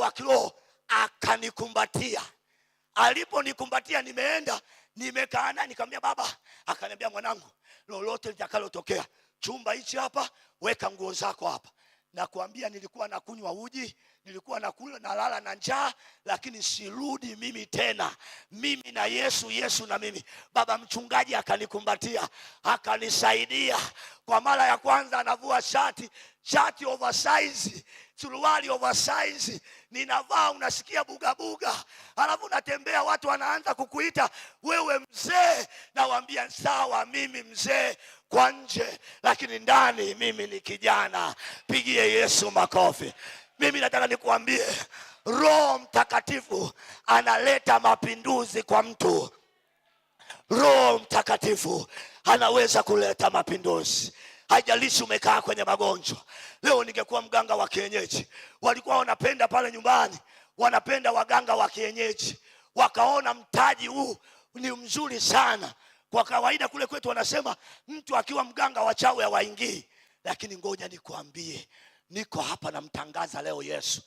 wa kiroho akanikumbatia. Aliponikumbatia nimeenda nimekaa naye, nikamwambia baba. Akaniambia mwanangu, lolote litakalotokea, chumba hichi hapa, weka nguo zako hapa. Nakwambia, nilikuwa nakunywa uji, nilikuwa nakula nalala na njaa, lakini sirudi mimi tena, mimi na Yesu, Yesu na mimi. Baba mchungaji akanikumbatia akanisaidia. Kwa mara ya kwanza anavua shati, shati oversize, suruali oversize, ninavaa, unasikia bugabuga, alafu natembea, watu wanaanza kukuita wewe mzee. Nawambia sawa, mimi mzee kwa nje, lakini ndani mimi ni kijana. Pigie Yesu makofi. Mimi nataka nikuambie, Roho Mtakatifu analeta mapinduzi kwa mtu. Roho Mtakatifu anaweza kuleta mapinduzi. Haijalishi umekaa kwenye magonjwa. Leo ningekuwa mganga wa kienyeji, walikuwa wanapenda pale nyumbani, wanapenda waganga wa kienyeji, wakaona mtaji huu ni mzuri sana kwa kawaida kule kwetu wanasema mtu akiwa mganga wachawi hawaingii, lakini ngoja nikuambie, niko hapa namtangaza leo Yesu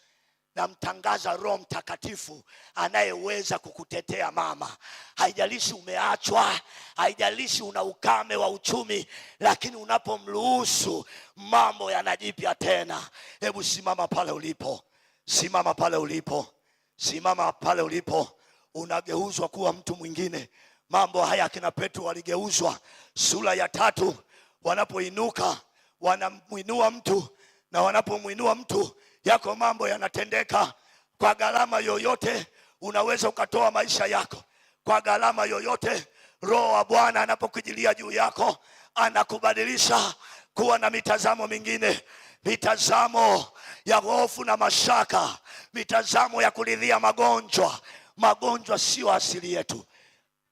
namtangaza Roho Mtakatifu anayeweza kukutetea mama. Haijalishi umeachwa, haijalishi una ukame wa uchumi, lakini unapomruhusu mambo yanajipya tena. Hebu simama pale ulipo, simama pale ulipo, simama pale ulipo, unageuzwa kuwa mtu mwingine. Mambo haya akina Petro waligeuzwa sura ya tatu, wanapoinuka wanamwinua mtu, na wanapomwinua mtu, yako mambo yanatendeka. Kwa gharama yoyote unaweza ukatoa maisha yako, kwa gharama yoyote. Roho wa Bwana anapokujilia juu yako, anakubadilisha kuwa na mitazamo mingine, mitazamo ya hofu na mashaka, mitazamo ya kuridhia magonjwa. Magonjwa sio asili yetu.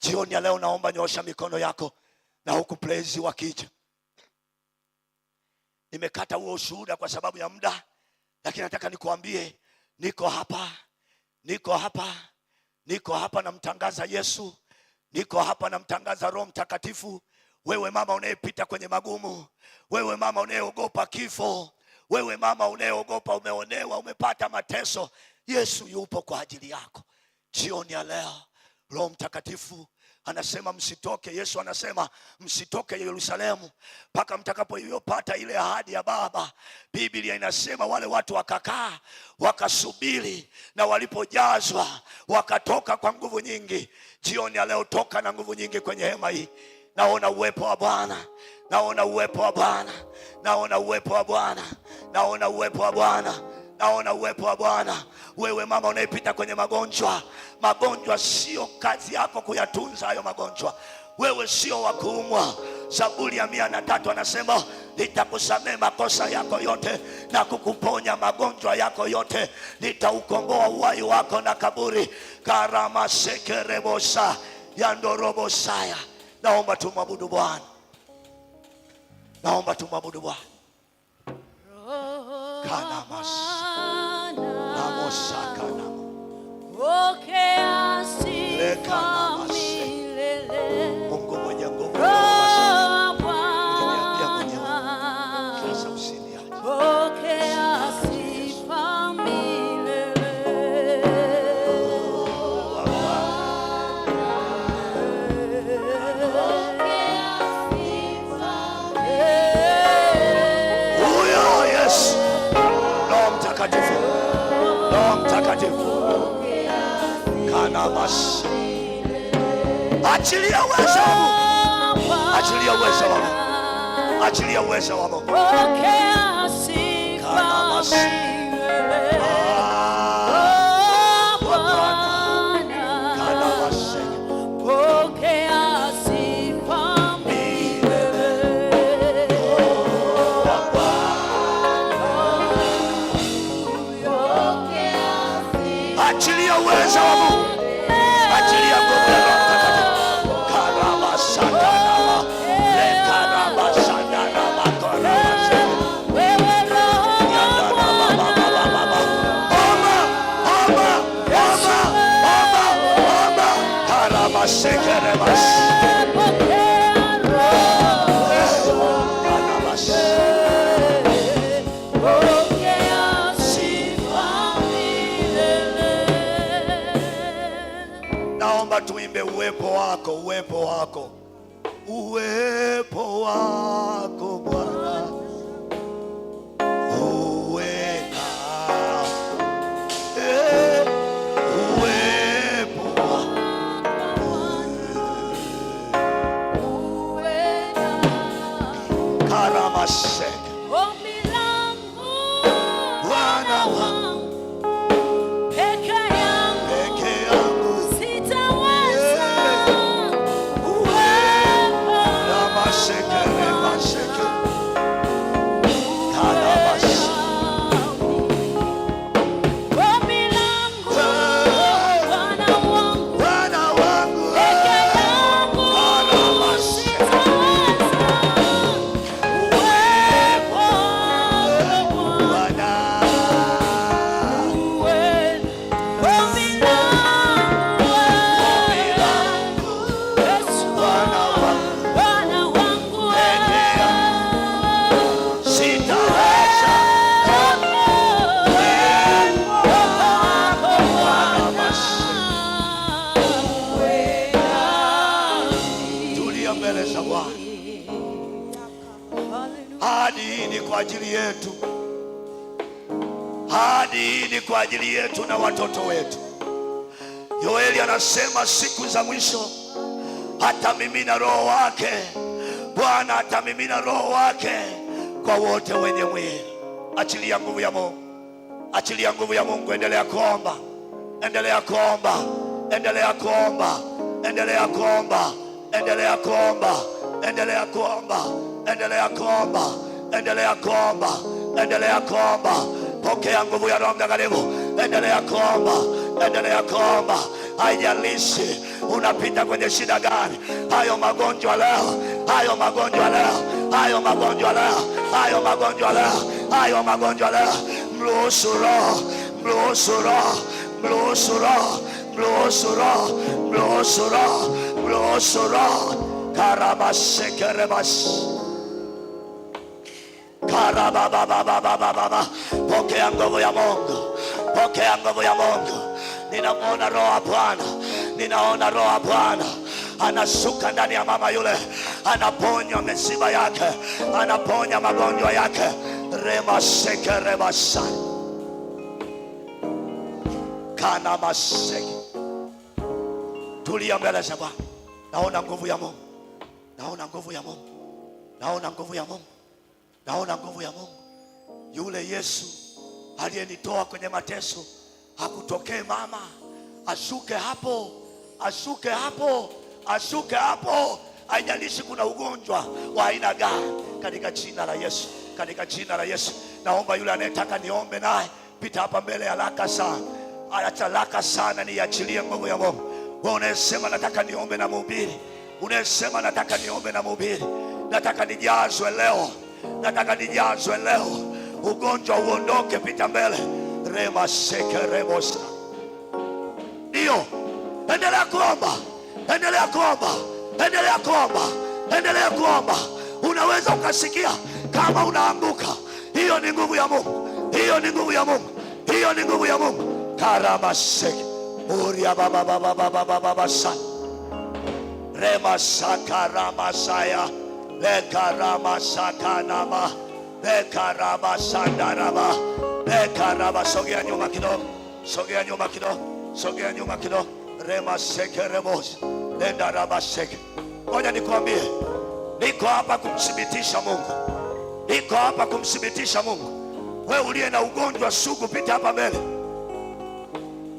Jioni ya leo naomba nyosha mikono yako, na huku wa wakija. Nimekata huo ushuhuda kwa sababu ya muda, lakini nataka nikuambie, niko hapa, niko hapa, niko hapa, namtangaza Yesu, niko hapa, namtangaza Roho Mtakatifu. Wewe mama unayepita kwenye magumu, wewe mama unayeogopa kifo, wewe mama unayeogopa umeonewa, umepata mateso, Yesu yupo kwa ajili yako jioni ya leo. Roho Mtakatifu anasema msitoke. Yesu anasema msitoke Yerusalemu mpaka mtakapoiyopata ile ahadi ya Baba. Biblia inasema wale watu wakakaa wakasubiri, na walipojazwa wakatoka kwa nguvu nyingi. Jioni ya leo toka na nguvu nyingi kwenye hema hii. Naona uwepo wa Bwana, naona uwepo wa Bwana, naona uwepo wa Bwana, naona uwepo wa Bwana, naona uwepo wa Bwana. Wewe mama unayepita kwenye magonjwa, magonjwa sio kazi yako kuyatunza hayo magonjwa, wewe sio wa kuumwa. Zaburi ya mia na tatu anasema nitakusamehe makosa yako yote na kukuponya magonjwa yako yote, nitaukomboa uhai wako na kaburi. karamasekerebosa yandorobosaya. Naomba tumwabudu Bwana, naomba tumwabudu Bwana. Pokea sifa. Yesu. Achilia uweza wa Mungu. Achilia uweza wa Mungu. Achilia uweza wa Mungu. Pokea sifa. Achilia uweza wa Mungu. yetu na watoto wetu. Yoeli anasema siku za mwisho atamimina roho wake, Bwana atamimina roho wake kwa wote wenye mwili. Achilia nguvu ya Mungu, achilia nguvu ya Mungu. Endelea kuomba, endelea kuomba, endelea kuomba, endelea kuomba, endelea kuomba, endelea kuomba, endelea kuomba, endelea kuomba, endelea kuomba. Pokea nguvu ya Roho Mtakatifu endelea kuomba, endelea kuomba. Haijalishi unapita kwenye shida gani, hayo magonjwa leo, hayo magonjwa leo, hayo magonjwa leo, hayo magonjwa leo, hayo magonjwa leo. Mruhusu Roho, mruhusu Roho, mruhusu Roho, mruhusu Roho, mruhusu Roho, mruhusu Roho. karamashekeremas karababababababa, pokea nguvu ya Mungu. Pokea nguvu ya Mungu. Ninamwona roho ya Bwana, ninaona roho ya Bwana anashuka ndani ya mama yule, anaponya misiba yake, anaponya magonjwa yake. remaseke remasa kana maseke. Tulia mbele za Bwana. Naona nguvu ya Mungu, naona nguvu ya Mungu, naona nguvu ya Mungu, naona nguvu ya Mungu, yule Yesu aliyenitoa kwenye mateso. Hakutokee mama, ashuke hapo, ashuke hapo, ashuke hapo. Haijalishi kuna ugonjwa wa aina gani, katika jina la Yesu, katika jina la Yesu. Naomba yule anayetaka niombe naye, pita hapa mbele haraka sana, haraka sana, niachilie nguvu ya Mungu. Wewe unayesema nataka niombe na mhubiri, unayesema nataka niombe na mhubiri, nataka nijazwe leo, nataka nijazwe leo ugonjwa uondoke, pita mbele. rema sekerebosa ndio, endelea kuomba, endelea kuomba, endelea kuomba, endelea kuomba. Unaweza ukasikia kama unaanguka. Hiyo ni nguvu ya Mungu, hiyo ni nguvu ya Mungu, hiyo ni nguvu ya Mungu. karama karamaseke uria rema sakarama saya lekaramasa sakanama bekaraba bekaraba. Sogea nyuma kidogo, sogea nyuma kidogo, sogea nyuma kidogo. rema seke remos nenda Ngoja nikwambie, niko hapa kumthibitisha Mungu, niko hapa kumthibitisha Mungu. We uliye na ugonjwa sugu, pita hapa mbele,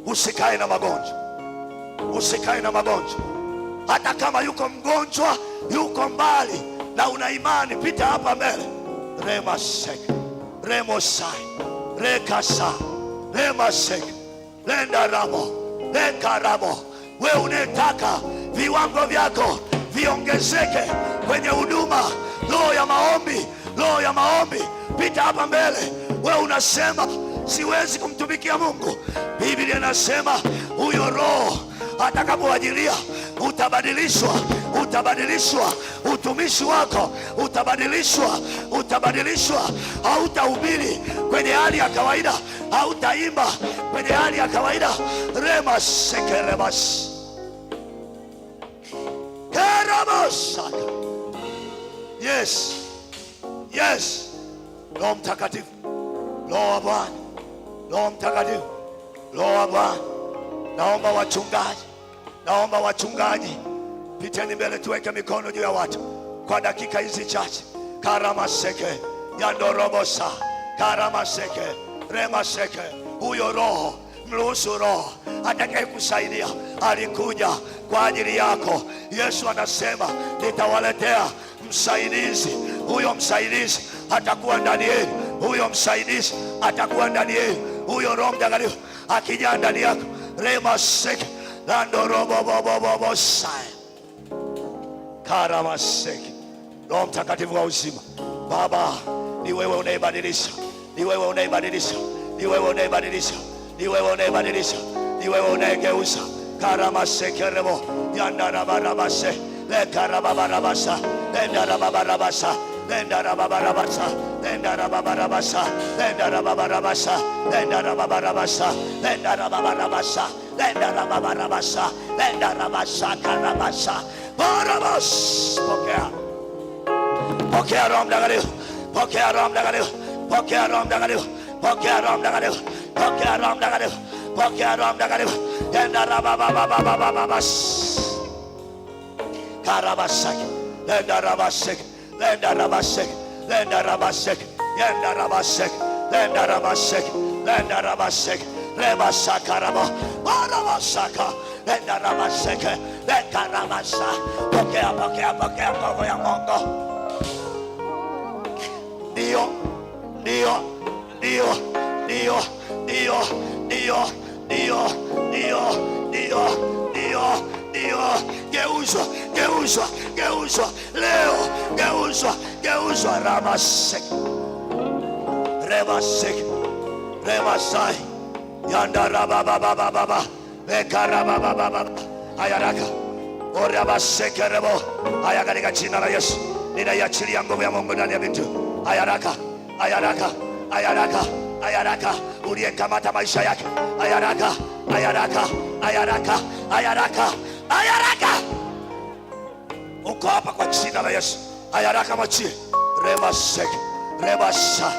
usikae na magonjwa, usikae na magonjwa. Hata kama yuko mgonjwa, yuko mbali na una imani, pita hapa mbele remasek remosai rekasa remasek leka lekaramo. We unetaka viwango vyako viongezeke kwenye huduma, roho ya maombi, roho ya maombi, pita hapa mbele. We unasema siwezi kumtumikia Mungu. Biblia inasema huyo roho atakapoajilia utabadilishwa utabadilishwa, utumishi wako utabadilishwa, utabadilishwa. Hautahubiri kwenye hali ya kawaida, hautaimba kwenye hali ya kawaida. remasekeremas keramosaka yes yes, Roho Mtakatifu, Roho wa Bwana, Roho Mtakatifu, Roho wa Bwana. Naomba wachungaji, naomba wachungaji Piteni mbele tuweke mikono juu ya watu kwa dakika hizi chache. Karama seke yandorobosa karama seke rema seke. Huyo roho mruhusu roho atakayekusaidia alikuja kwa ajili yako. Yesu anasema nitawaletea msaidizi. Huyo msaidizi atakuwa ndani yenu, huyo msaidizi atakuwa ndani yenu. Huyo Roho Mtakatifu akija ndani yako, rema seke karamaseki. Roho Mtakatifu wa uzima, Baba ni wewe unayebadilisha, ni wewe unayebadilisha, ni wewe unayebadilisha, ni wewe unayebadilisha, ni wewe unayegeuza. karamasekerebo yandarabaramashe lekarababarabasa endarababarabasa Dendarababarabasa, Dendarababarabasa, Dendarababarabasa, Dendarababarabasa, Dendarababarabasa, Dendarababarabasa, Dendarabasa, Karabasa, Barabas, Pokea, Pokea Rom Dagadu, Pokea Rom Dagadu, Pokea Rom Dagadu, Pokea Rom Dagadu, Pokea Rom Dagadu, Pokea Rom Dagadu, Dendarababababababas, Karabasaki, Dendarabasaki. Lenda rabashek. Lenda rabashek. Yenda rabashek. Lenda rabashek. Lenda rabashek. Leba sakarabo. Baraba saka. Lenda rabashek. Lenda rabasha. Pokea pokea pokea kovo dio, dio, dio, dio, dio, dio, dio, dio, dio, dio, dio, dio, ndio. Geuzwa, geuzwa, geuzwa leo, geuzwa, geuzwa ramasek remasek remasai yandarabababababa vekarababababa ayaraka orabasekerebo aya, katika jina la Yesu ninaiachilia nguvu ya Mungu ndani ya vitu ayaraka, ayaraka, ayaraka, ayaraka uliyekamata maisha yake ayaraka, ayaraka, ayaraka, ayaraka, ayaraka, ayaraka. Okopa kwa jina la Yesu. Ayaraka machie remaseke rebasha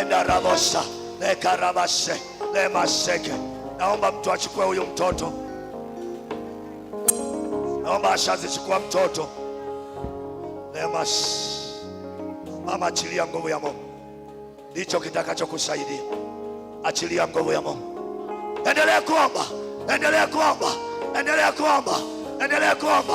endarabosha lekarabashe lemaseke. Naomba mtu achukue huyu mtoto, naomba ashazichukua mtoto lemas. Mama, achilia nguvu ya Mungu, ndicho kitakachokusaidia. Achilia nguvu ya Mungu, endelea kuomba, endelea kuomba, endelea kuomba, endelea kuomba.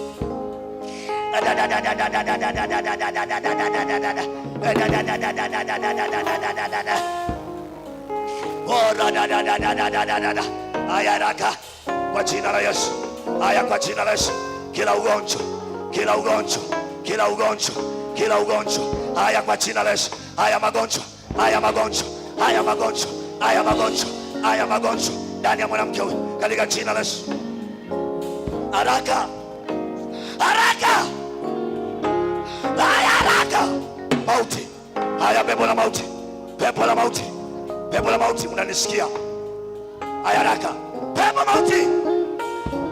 Aya raka kwa jina la Yesu, aya kwa jina la Yesu, kila ugonjwa, kila ugonjwa, kila ugonjwa, kila ugonjwa, aya kwa jina la Yesu, aya magonjwa, aya magonjwa, aya magonjwa, aya magonjwa, aya magonjwa ndani ya mwanamke huyu katika jina la Yesu, haraka haraka. mauti, haya pepo la mauti, pepo la mauti, pepo la mauti, unanisikia? Haya raka, pepo mauti,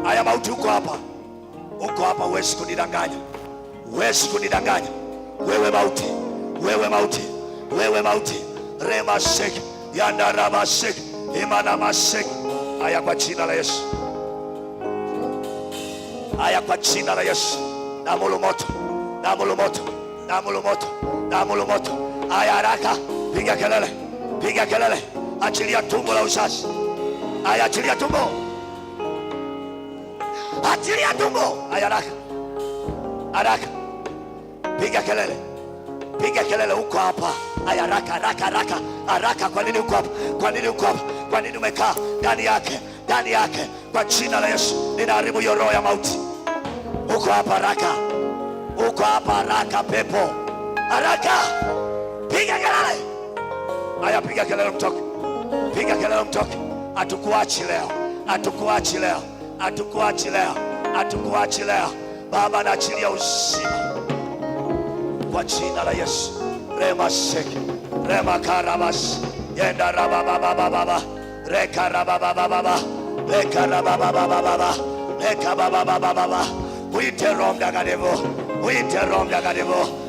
haya mauti, uko hapa, uko hapa, huwezi kunidanganya, huwezi kunidanganya wewe mauti, wewe mauti, wewe mauti, rema shek shek yandaramasheki imanamasheki. Haya kwa jina la Yesu, haya kwa jina la Yesu, damu la moto, damu la moto, damu la moto Damulu moto. Aya, haraka, piga kelele, piga kelele, achilia tumbo la uzazi. Aya, achilia tumbo, achilia tumbo. Aya, haraka, haraka, piga kelele, piga kelele, uko hapa. Aya, haraka, haraka, haraka, haraka. Kwa nini uko hapa? Kwa nini uko hapa? Kwa nini umekaa ndani yake? Ndani yake, kwa jina la Yesu ninaharibu hiyo roho ya mauti. Uko hapa haraka, uko hapa haraka, pepo haraka, piga kelele. Aya, piga kelele, mtoke, piga kelele, mtoke. Atukuachi leo, atukuachi leo, atukuachi leo, atukuachi leo. Baba, naachilia uzima kwa jina la Yesu. rema sheke rema karabas yenda rabababababa reka rabababababa reka rabababababa reka bababababa. Uite Roho Mtakatifu, uite Roho Mtakatifu.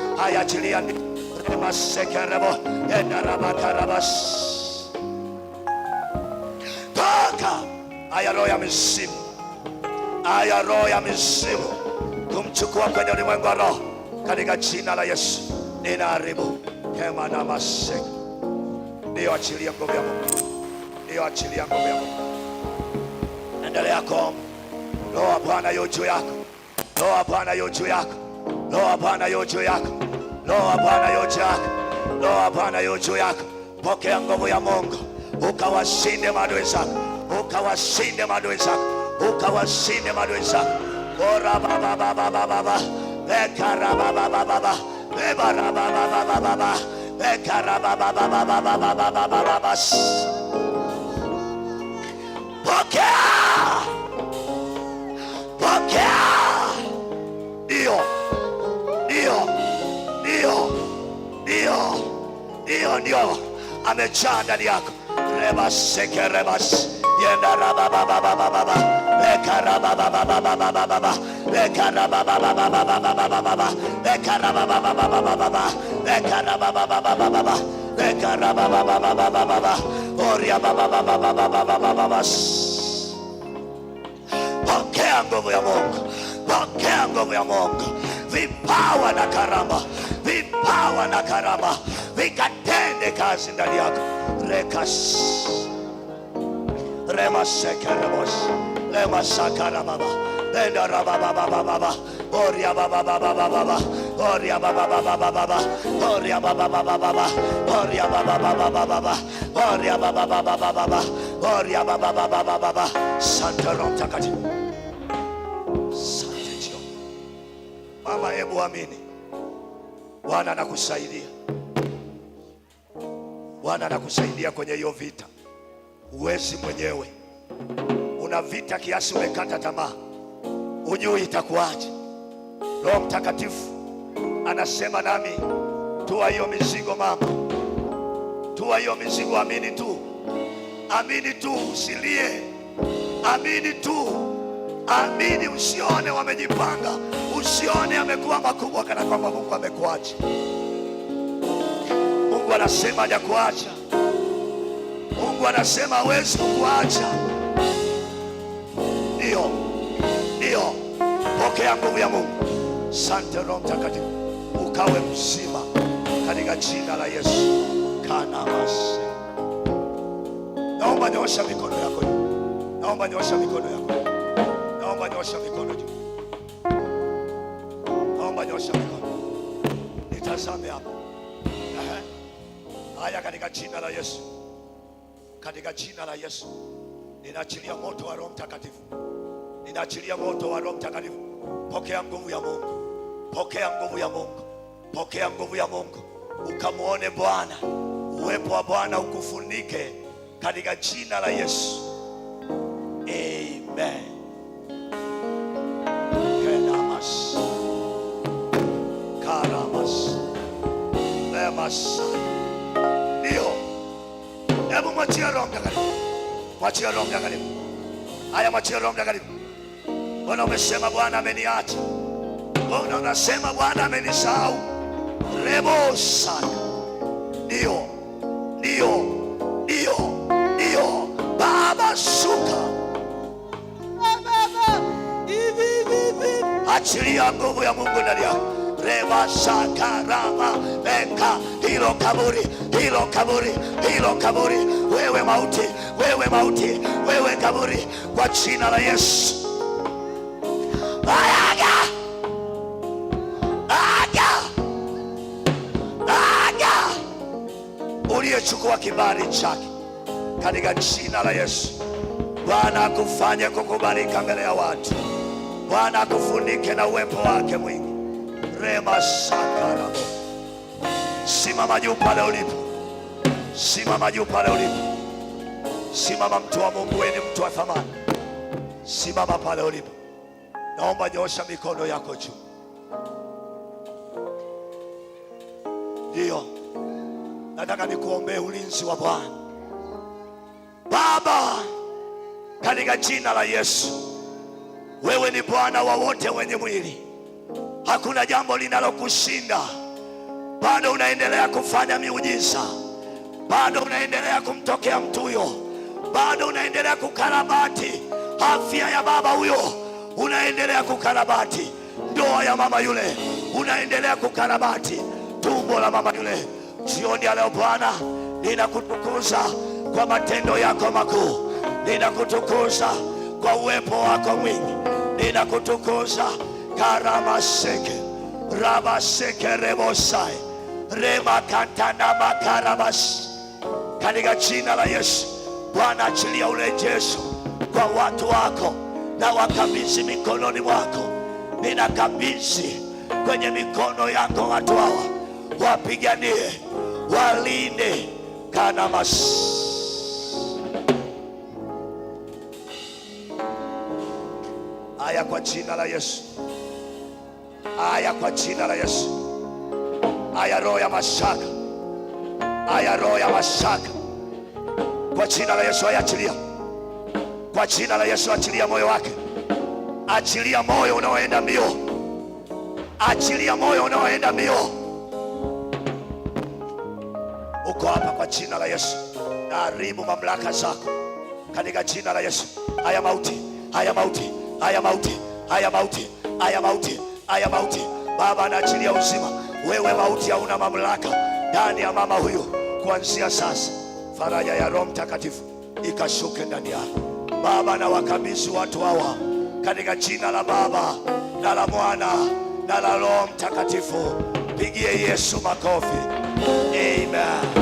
ayachilia masekerebo enarabakarabas toka aya roho ya mizimu aya roho ya mizimu kumchukua kwenye ulimwengu wa roho katika jina la Yesu ninaharibu hema na maseka ndiyo achilia nguvu ya Mungu ndiyo achilia nguvu ya Mungu endelea kuomba roho ya Bwana yu juu yako roho ya Bwana yu juu yako roho ya Bwana yu juu yako Roho Bwana yu juu yako, Roho Bwana yu juu yako. Pokea nguvu ya Mungu ukawashinde maadui zako, ukawashinde maadui zako, ukawashinde maadui zako. Ora baba baba baba bekara baba baba bebara baba baba baba bekara baba baba baba baba baba. Pokea, pokea, ndio hiyo hiyo hiyo ndio amejaa ndani yako. rebasekerebas yendarababababababa lekarabababababababa lekarabababababababa lekarabababababababa lekarababababababa lekarabababababababa oriabababababababababas Pokea nguvu ya Mungu, pokea nguvu ya Mungu, vipawa na karama pawa na karama vikatende kazi ndani yako rekas remasekeremos lemasakarababa bendarabababababa oria mama hebu amini Bwana anakusaidia, Bwana anakusaidia kwenye hiyo vita. Uwezi mwenyewe, una vita kiasi umekata tamaa, hujui itakuwaje. Roho Mtakatifu anasema nami, tua hiyo mizigo mama, tua hiyo mizigo, amini tu, amini tu, usilie, amini tu. Amini, usione wamejipanga, usione amekuwa makubwa kana kwamba Mungu amekuacha. Mungu anasema hajakuacha. Mungu anasema hawezi kukuacha. Ndio, ndio, pokea nguvu ya Mungu. Sante Roho Mtakatifu, ukawe mzima katika jina la Yesu. masi naomba nyosha mikono yako, naomba nyosha mikono yako Naomba nyosha mikono juu. Naomba nyosha mikono. Nitazame hapa. Haya, katika jina la Yesu. Katika jina la Yesu. Ninaachilia moto wa Roho Mtakatifu. Ninaachilia moto wa Roho Mtakatifu. Pokea nguvu ya Mungu. Pokea nguvu ya Mungu. Pokea nguvu ya Mungu. Ukamwone Bwana. Uwepo wa Bwana ukufunike katika jina la Yesu. mwachie Roho Mtakatifu, mwachie Roho Mtakatifu. Haya, mwachie Roho Mtakatifu. umesema Bwana ameniacha? unasema Bwana amenisahau? rebo sana. Ndio, ndio, ndio, ndio. Baba shuka, achilia nguvu ya Mungu ndani yako rewashakarama venga hilo kaburi, hilo kaburi, hilo kaburi, wewe mauti, wewe mauti, wewe kaburi, kwa jina la Yesu aga, aga, aga, uliyechukua kibali chake katika jina la Yesu. Bwana akufanye kukubalika mbele ya watu. Bwana akufunike na uwepo wake mwingi remashakarabo. Simama juu pale ulipo, simama juu pale ulipo, simama mtu wa Mungu, wewe ni mtu wa thamani, simama pale ulipo. Naomba nyosha mikono yako juu. Ndiyo, nataka nikuombee ulinzi wa Bwana Baba, katika jina la Yesu. Wewe ni Bwana wa wote wenye mwili Hakuna jambo linalokushinda. Bado unaendelea kufanya miujiza, bado unaendelea kumtokea mtu huyo, bado unaendelea kukarabati afya ya baba huyo, unaendelea kukarabati ndoa ya mama yule, unaendelea kukarabati tumbo la mama yule. Jioni ya leo, Bwana, ninakutukuza kwa matendo yako makuu, ninakutukuza kwa uwepo wako mwingi, ninakutukuza karabaseke rabaseke rebosai remakantanamakarabashi katika jina la Yesu. Bwana, achilia urejesho kwa watu wako na wakabidhi mikononi mwako. Ninakabidhi kwenye mikono yako watu hawa, wapiganie, walinde aya kwa jina la Yesu. Aya, kwa jina la Yesu. Aya, roho ya mashaka, aya, roho ya mashaka kwa jina la Yesu, ayachilia kwa jina la Yesu. Achilia moyo wake, achilia moyo unaoenda mbio, achilia moyo unaoenda mbio. Uko hapa kwa jina la Yesu, haribu mamlaka zako katika jina la Yesu. Haya mauti, haya mauti, haya mauti, haya mauti, haya mauti haya mauti. Baba, anaachilia uzima. Wewe mauti hauna mamlaka ndani ya mama huyo. Kuanzia sasa, faraja ya Roho Mtakatifu ikashuke ndani yako Baba, na wakabidhi watu hawa katika jina la Baba na la Mwana na la Roho Mtakatifu. Pigie Yesu makofi. Amen.